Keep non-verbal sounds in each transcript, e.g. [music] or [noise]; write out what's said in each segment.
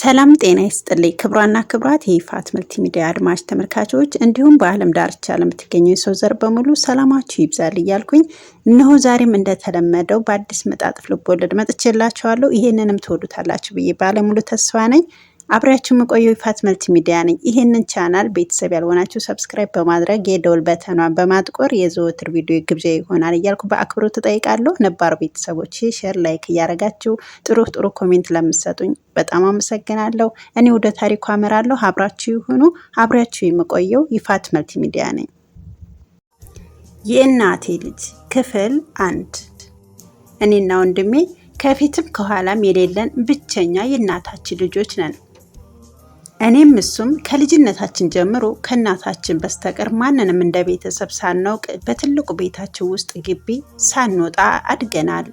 ሰላም ጤና ይስጥልኝ ክብሯና ክብራት የይፋት መልቲሚዲያ አድማጭ ተመልካቾች እንዲሁም በዓለም ዳርቻ ለምትገኙ የሰው ዘር በሙሉ ሰላማችሁ ይብዛል እያልኩኝ እነሆ ዛሬም እንደተለመደው በአዲስ መጣጥፍ ልቦለድ መጥቼላችኋለሁ። ይሄንንም ትወዱታላችሁ ብዬ ባለሙሉ ተስፋ ነኝ። አብሬያችሁ የምቆየው ይፋት መልቲ ሚዲያ ነኝ። ይህንን ቻናል ቤተሰብ ያልሆናችሁ ሰብስክራይብ በማድረግ የደውል በተኗን በማጥቆር የዘወትር ቪዲዮ ግብዣ ይሆናል እያልኩ በአክብሮት እጠይቃለሁ። ነባር ቤተሰቦች ሼር፣ ላይክ እያደረጋችሁ ጥሩ ጥሩ ኮሜንት ለምሰጡኝ በጣም አመሰግናለሁ። እኔ ወደ ታሪኩ አመራለሁ። አብራችሁ ይሁኑ። አብሬያችሁ የምቆየው ይፋት መልቲ ሚዲያ ነኝ። የእናቴ ልጅ ክፍል አንድ እኔና ወንድሜ ከፊትም ከኋላም የሌለን ብቸኛ የእናታችን ልጆች ነን። እኔም እሱም ከልጅነታችን ጀምሮ ከእናታችን በስተቀር ማንንም እንደ ቤተሰብ ሳናውቅ በትልቁ ቤታችን ውስጥ ግቢ ሳንወጣ አድገናል።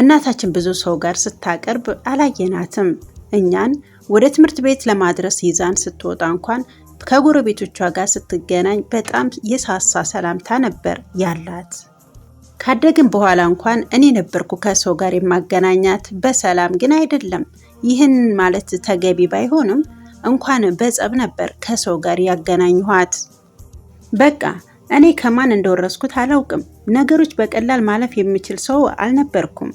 እናታችን ብዙ ሰው ጋር ስታቀርብ አላየናትም። እኛን ወደ ትምህርት ቤት ለማድረስ ይዛን ስትወጣ እንኳን ከጎረቤቶቿ ጋር ስትገናኝ በጣም የሳሳ ሰላምታ ነበር ያላት። ካደግን በኋላ እንኳን እኔ ነበርኩ ከሰው ጋር የማገናኛት፣ በሰላም ግን አይደለም ይህን ማለት ተገቢ ባይሆንም እንኳን በጸብ ነበር ከሰው ጋር ያገናኘኋት። በቃ እኔ ከማን እንደወረስኩት አላውቅም። ነገሮች በቀላል ማለፍ የምችል ሰው አልነበርኩም።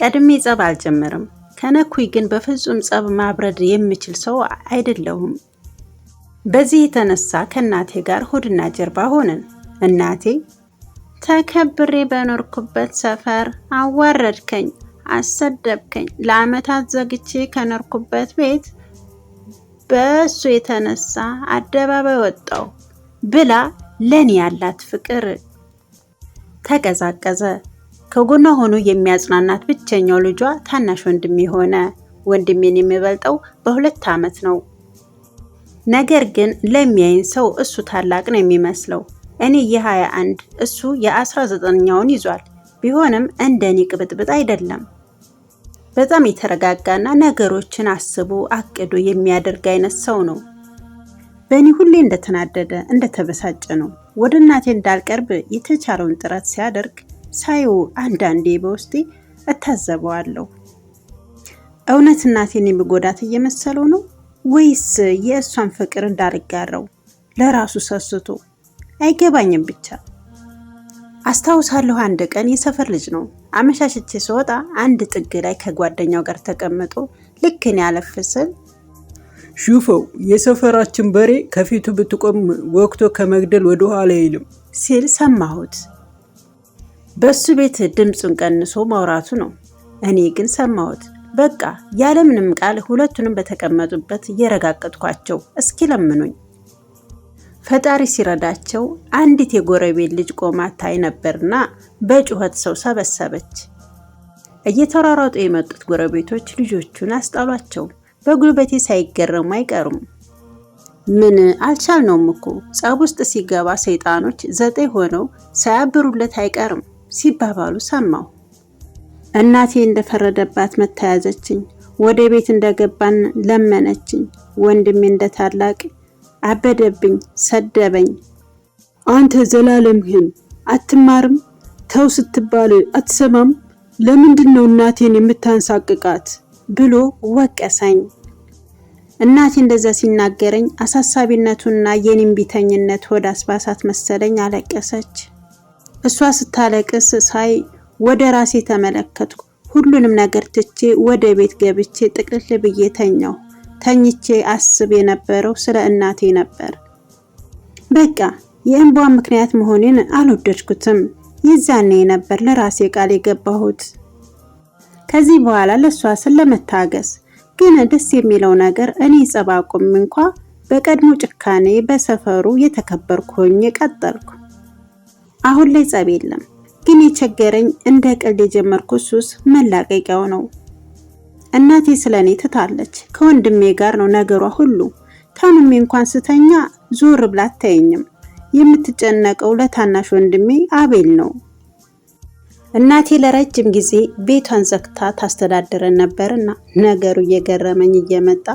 ቀድሜ ጸብ አልጀምርም። ከነኩይ ግን በፍጹም ጸብ ማብረድ የምችል ሰው አይደለሁም። በዚህ የተነሳ ከእናቴ ጋር ሆድና ጀርባ ሆንን። እናቴ ተከብሬ በኖርኩበት ሰፈር አዋረድከኝ አሰደብከኝ። ለአመታት ዘግቼ ከኖርኩበት ቤት በእሱ የተነሳ አደባባይ ወጣው ብላ ለኔ ያላት ፍቅር ተቀዛቀዘ። ከጎኗ ሆኖ የሚያጽናናት ብቸኛው ልጇ ታናሽ ወንድሜ ሆነ። ወንድሜን የሚበልጠው በሁለት ዓመት ነው። ነገር ግን ለሚያይን ሰው እሱ ታላቅ ነው የሚመስለው። እኔ የ21 እሱ የ19ኛውን ይዟል። ቢሆንም እንደኔ ቅብጥብጥ አይደለም። በጣም የተረጋጋና ነገሮችን አስቦ አቅዶ የሚያደርግ አይነት ሰው ነው። በእኔ ሁሌ እንደተናደደ እንደተበሳጨ ነው። ወደ እናቴ እንዳልቀርብ የተቻለውን ጥረት ሲያደርግ ሳየው አንዳንዴ በውስጤ እታዘበዋለሁ። እውነት እናቴን የሚጎዳት እየመሰለው ነው ወይስ የእሷን ፍቅር እንዳልጋራው ለራሱ ሰስቶ አይገባኝም። ብቻ አስታውሳለሁ አንድ ቀን የሰፈር ልጅ ነው አመሻሽቼ ስወጣ አንድ ጥግ ላይ ከጓደኛው ጋር ተቀምጦ ልክ እኔ አለፍ ስል የሰፈራችን በሬ ከፊቱ ብትቆም ወቅቶ ከመግደል ወደ ኋላ አይልም ሲል ሰማሁት። በሱ ቤት ድምፁን ቀንሶ ማውራቱ ነው። እኔ ግን ሰማሁት። በቃ ያለምንም ቃል ሁለቱንም በተቀመጡበት እየረጋገጥኳቸው እስኪ ለምኑኝ ፈጣሪ ሲረዳቸው አንዲት የጎረቤት ልጅ ቆማ ታይ ነበርና በጩኸት ሰው ሰበሰበች። እየተሯሯጡ የመጡት ጎረቤቶች ልጆቹን አስጣሏቸው። በጉልበቴ ሳይገረሙ አይቀሩም። ምን አልቻልነውም እኮ ጸብ ውስጥ ሲገባ ሰይጣኖች ዘጠኝ ሆነው ሳያብሩለት አይቀርም ሲባባሉ ሰማሁ። እናቴ እንደፈረደባት መታያዘችኝ። ወደ ቤት እንደገባን ለመነችኝ። ወንድሜ እንደታላቅ። አበደብኝ፣ ሰደበኝ። አንተ ዘላለምህን አትማርም? ተው ስትባል አትሰማም? ለምንድን ነው እናቴን የምታንሳቅቃት? ብሎ ወቀሰኝ። እናቴ እንደዛ ሲናገረኝ አሳሳቢነቱና የኔን ቢተኝነት ወደ አስባሳት መሰለኝ አለቀሰች። እሷ ስታለቅስ ሳይ ወደ ራሴ ተመለከትኩ። ሁሉንም ነገር ትቼ ወደ ቤት ገብቼ ጥቅልል ብዬ ተኛው። ተኝቼ አስብ የነበረው ስለ እናቴ ነበር። በቃ የእንቧ ምክንያት መሆኔን አልወደድኩትም። ይዛኔ ነበር ለራሴ ቃል የገባሁት ከዚህ በኋላ ለእሷ ስለመታገስ። ግን ደስ የሚለው ነገር እኔ ጸባቁም እንኳ በቀድሞ ጭካኔ በሰፈሩ የተከበርኩ ሆኜ ቀጠልኩ። አሁን ላይ ጸብ የለም። ግን የቸገረኝ እንደ ቀልድ የጀመርኩ ሱስ መላቀቂያው ነው። እናቴ ስለ እኔ ትታለች። ከወንድሜ ጋር ነው ነገሯ ሁሉ። ታምሜ እንኳን ስተኛ ዞር ብላ አታየኝም። የምትጨነቀው ለታናሽ ወንድሜ አቤል ነው። እናቴ ለረጅም ጊዜ ቤቷን ዘግታ ታስተዳድረን ነበርና ነገሩ እየገረመኝ እየመጣ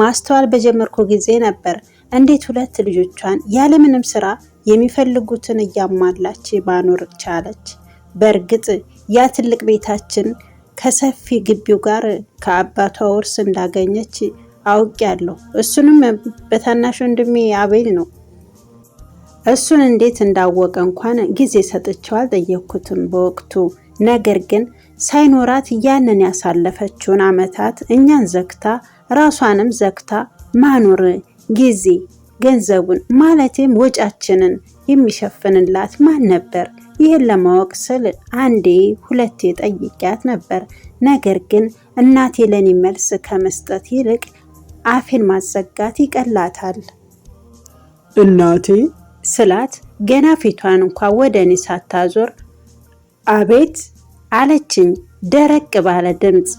ማስተዋል በጀመርኩ ጊዜ ነበር እንዴት ሁለት ልጆቿን ያለምንም ስራ የሚፈልጉትን እያሟላች ማኖር ቻለች። በእርግጥ ያ ትልቅ ቤታችን ከሰፊ ግቢው ጋር ከአባቷ ውርስ እንዳገኘች ያለው እሱንም በታናሽ ወንድሜ አቤል ነው። እሱን እንዴት እንዳወቀ እንኳን ጊዜ ሰጥቼው አልጠየኩትም በወቅቱ። ነገር ግን ሳይኖራት ያንን ያሳለፈችውን ዓመታት እኛን ዘግታ ራሷንም ዘግታ ማኖር ጊዜ ገንዘቡን ማለቴም ወጫችንን የሚሸፍንላት ማን ነበር? ይህን ለማወቅ ስል አንዴ ሁለቴ ጠይቂያት ነበር። ነገር ግን እናቴ ለኔ መልስ ከመስጠት ይልቅ አፌን ማዘጋት ይቀላታል። እናቴ ስላት ገና ፊቷን እንኳ ወደ እኔ ሳታዞር አቤት አለችኝ ደረቅ ባለ ድምፅ።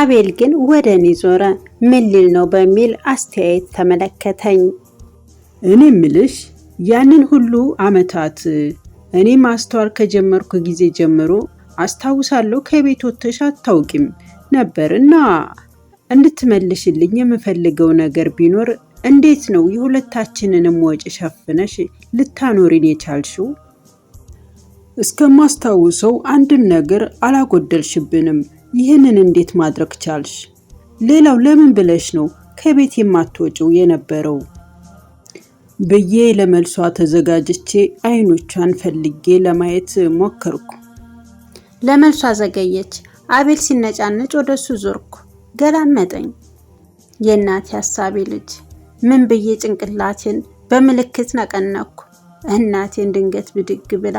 አቤል ግን ወደ እኔ ዞረ። ምን ሊል ነው በሚል አስተያየት ተመለከተኝ። እኔ ምልሽ ያንን ሁሉ አመታት። እኔ ማስተዋል ከጀመርኩ ጊዜ ጀምሮ አስታውሳለሁ ከቤት ወጥተሽ አታውቂም ነበር እና እንድትመልሽልኝ የምፈልገው ነገር ቢኖር እንዴት ነው የሁለታችንንም ወጪ ሸፍነሽ ልታኖሪን የቻልሽው? እስከማስታውሰው አንድም ነገር አላጎደልሽብንም። ይህንን እንዴት ማድረግ ቻልሽ? ሌላው ለምን ብለሽ ነው ከቤት የማትወጪው የነበረው? ብዬ ለመልሷ ተዘጋጅቼ አይኖቿን ፈልጌ ለማየት ሞከርኩ። ለመልሷ ዘገየች። አቤል ሲነጫነጭ ወደ እሱ ዞርኩ። ገላመጠኝ። የእናቴ ሀሳቤ ልጅ ምን ብዬ ጭንቅላቴን በምልክት ነቀነኩ እናቴን ድንገት ብድግ ብላ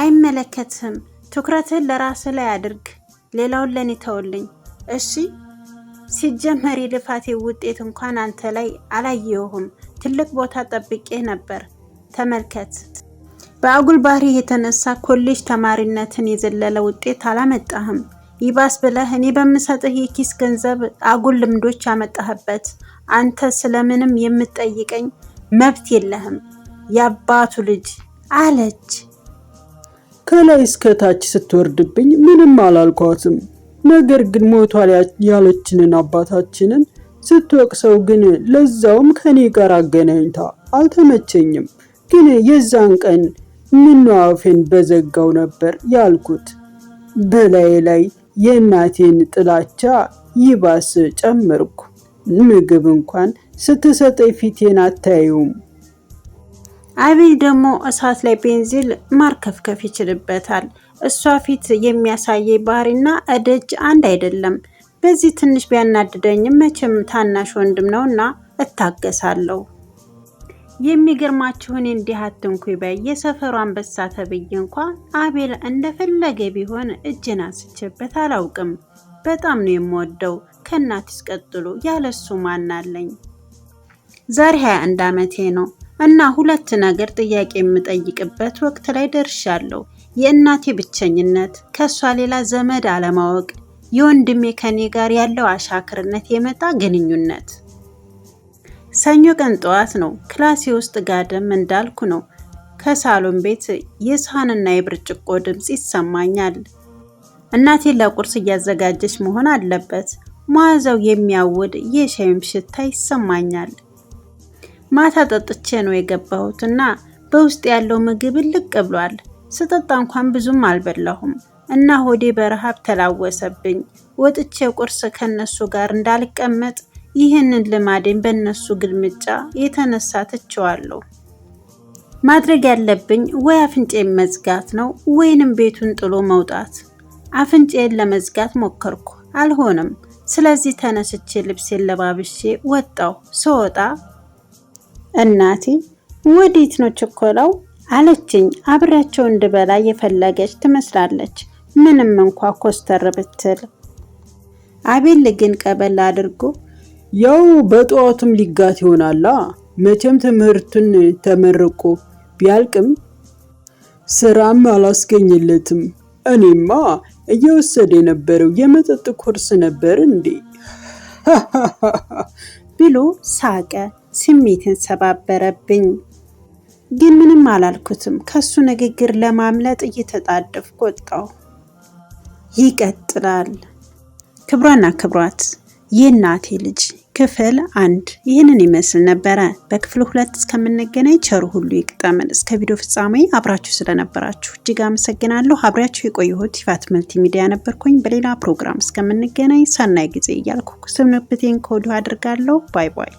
አይመለከትህም፣ ትኩረትህን ለራስህ ላይ አድርግ፣ ሌላውን ለኔ ተውልኝ እሺ። ሲጀመር የልፋቴ ውጤት እንኳን አንተ ላይ አላየሁም፣ ትልቅ ቦታ ጠብቄ ነበር። ተመልከት። በአጉል ባህሪ የተነሳ ኮሌጅ ተማሪነትን የዘለለ ውጤት አላመጣህም። ይባስ ብለህ እኔ በምሰጥህ የኪስ ገንዘብ አጉል ልምዶች አመጣህበት። አንተ ስለምንም የምትጠይቀኝ መብት የለህም፣ የአባቱ ልጅ አለች። ከላይ እስከ ታች ስትወርድብኝ ምንም አላልኳትም። ነገር ግን ሞቷል ያለችንን አባታችንን ስትወቅሰው ግን ለዛውም ከኔ ጋር አገናኝታ አልተመቸኝም። ግን የዛን ቀን ምንዋፌን በዘጋው ነበር ያልኩት። በላዬ ላይ የእናቴን ጥላቻ ይባስ ጨመርኩ። ምግብ እንኳን ስትሰጠኝ ፊቴን አታዩም። አቤል ደግሞ እሳት ላይ ቤንዚል ማርከፍከፍ ይችልበታል። እሷ ፊት የሚያሳየኝ ባህሪና እደጅ አንድ አይደለም። በዚህ ትንሽ ቢያናድደኝም መቼም ታናሽ ወንድም ነው እና እታገሳለሁ። የሚገርማችሁ እኔ እንዲህ አትንኩ በይ የሰፈሩ አንበሳ ተብዬ እንኳ አቤል እንደፈለገ ቢሆን እጅን አንስቼበት አላውቅም። በጣም ነው የምወደው። ከእናትስ ቀጥሎ ያለሱ ማን አለኝ? ዛሬ 21 ዓመቴ ነው እና ሁለት ነገር ጥያቄ የምጠይቅበት ወቅት ላይ ደርሻለሁ። የእናቴ ብቸኝነት፣ ከእሷ ሌላ ዘመድ አለማወቅ፣ የወንድሜ ከኔ ጋር ያለው አሻክርነት የመጣ ግንኙነት። ሰኞ ቀን ጠዋት ነው። ክላሴ ውስጥ ጋደም እንዳልኩ ነው ከሳሎን ቤት የሳህንና የብርጭቆ ድምፅ ይሰማኛል። እናቴን ለቁርስ እያዘጋጀች መሆን አለበት። መዓዛው የሚያውድ የሻይም ሽታ ይሰማኛል። ማታ ጠጥቼ ነው የገባሁትና በውስጥ ያለው ምግብ ልቅ ብሏል። ስጠጣ እንኳን ብዙም አልበላሁም። እና ሆዴ በረሃብ ተላወሰብኝ። ወጥቼ ቁርስ ከነሱ ጋር እንዳልቀመጥ ይህንን ልማዴን በእነሱ ግልምጫ የተነሳ ትቸዋለሁ። ማድረግ ያለብኝ ወይ አፍንጬን መዝጋት ነው ወይንም ቤቱን ጥሎ መውጣት። አፍንጬን ለመዝጋት ሞከርኩ፣ አልሆነም። ስለዚህ ተነስቼ ልብሴን ለባብሼ ወጣሁ። ስወጣ እናቴ ወዴት ነው ችኮላው አለችኝ። አብሬያቸው እንድበላ የፈለገች ትመስላለች። ምንም እንኳ ኮስተር ብትል። አቤል ግን ቀበል አድርጎ ያው በጠዋቱም ሊጋት ይሆናላ መቼም ትምህርቱን ተመርቆ ቢያልቅም ስራም አላስገኝለትም። እኔማ እየወሰደ የነበረው የመጠጥ ኮርስ ነበር እንዴ ብሎ [laughs] ሳቀ። ስሜትን ሰባበረብኝ፣ ግን ምንም አላልኩትም። ከሱ ንግግር ለማምለጥ እየተጣደፍኩ ወጣሁ። ይቀጥላል። ክብሯና ክብሯት የእናቴ ልጅ ክፍል አንድ ይህንን ይመስል ነበረ። በክፍል ሁለት እስከምንገናኝ ቸሩ ሁሉ ይግጠመን። እስከ ቪዲዮ ፍጻሜ አብራችሁ ስለነበራችሁ እጅግ አመሰግናለሁ። አብሪያችሁ የቆየሁት ይፋት መልቲ ሚዲያ ነበርኩኝ። በሌላ ፕሮግራም እስከምንገናኝ ሰናይ ጊዜ እያልኩ ስንብቴን ከወዲሁ አድርጋለሁ። ባይ ባይ።